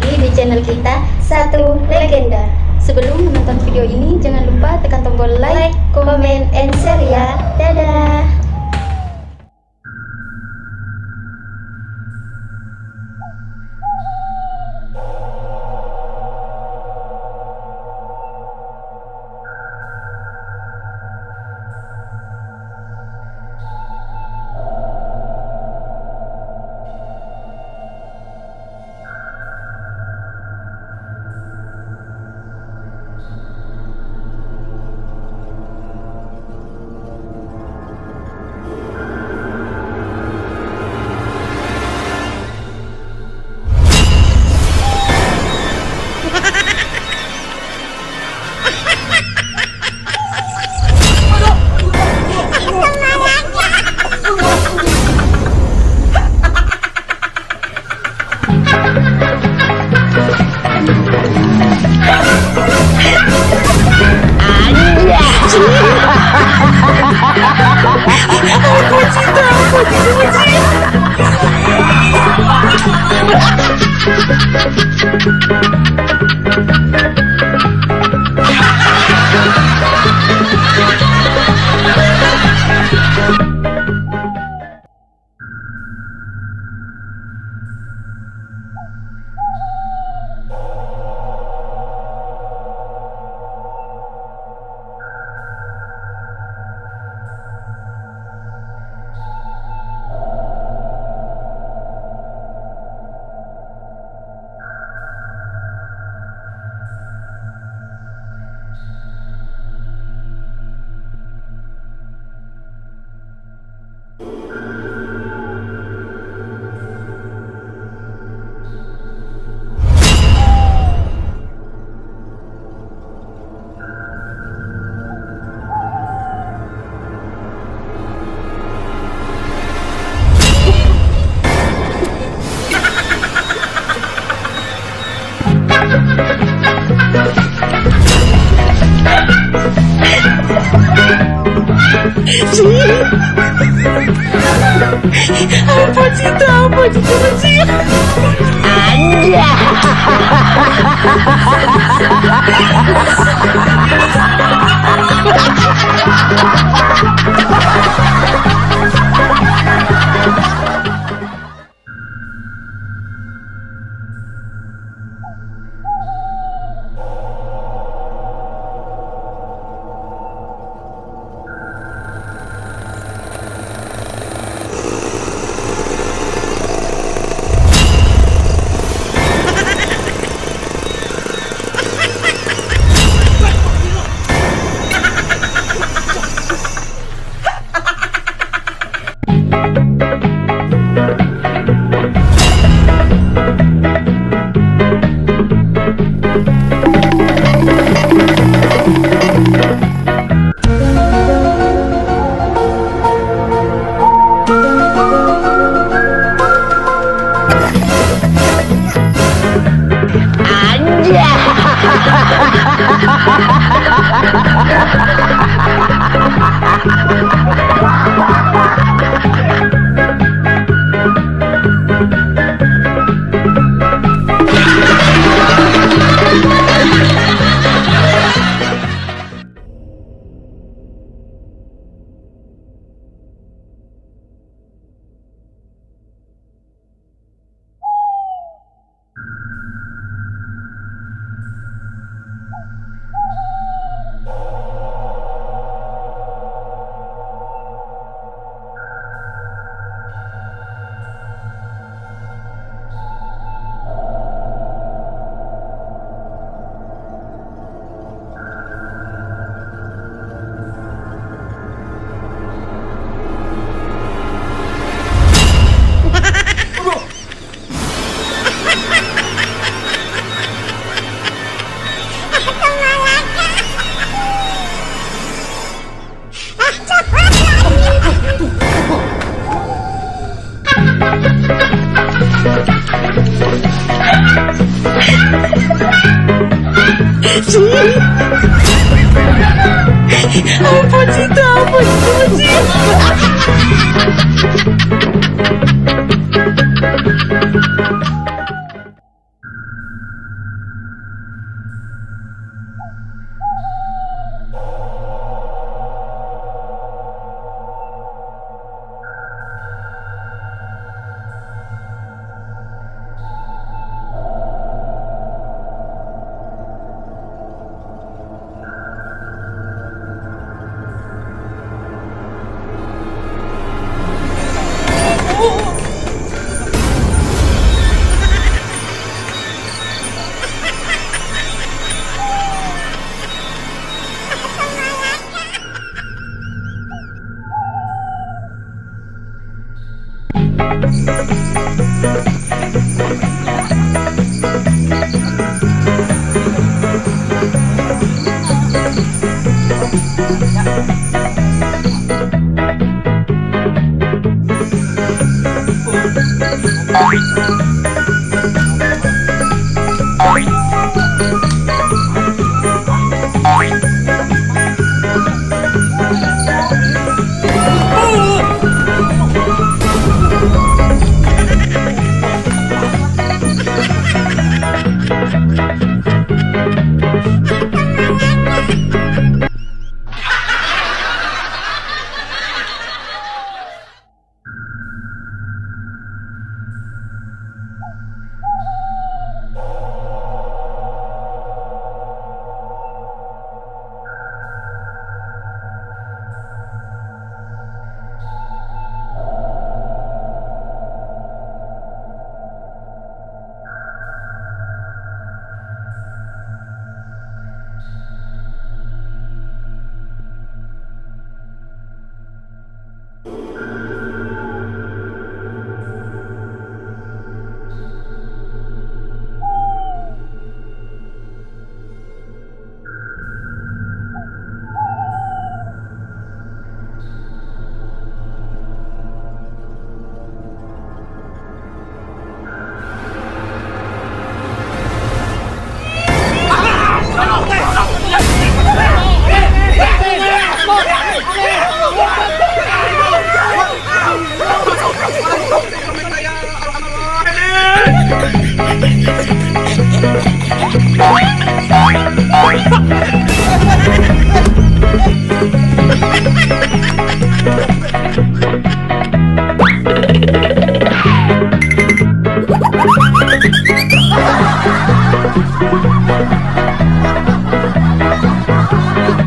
lagi di channel kita Satu Legenda Sebelum menonton video ini jangan lupa tekan tombol like, comment, and share ya Dadah 我不知道，不知道，不知道。哈哈哈哈哈哈哈哈哈哈哈哈。ha ha Ha ah, ha!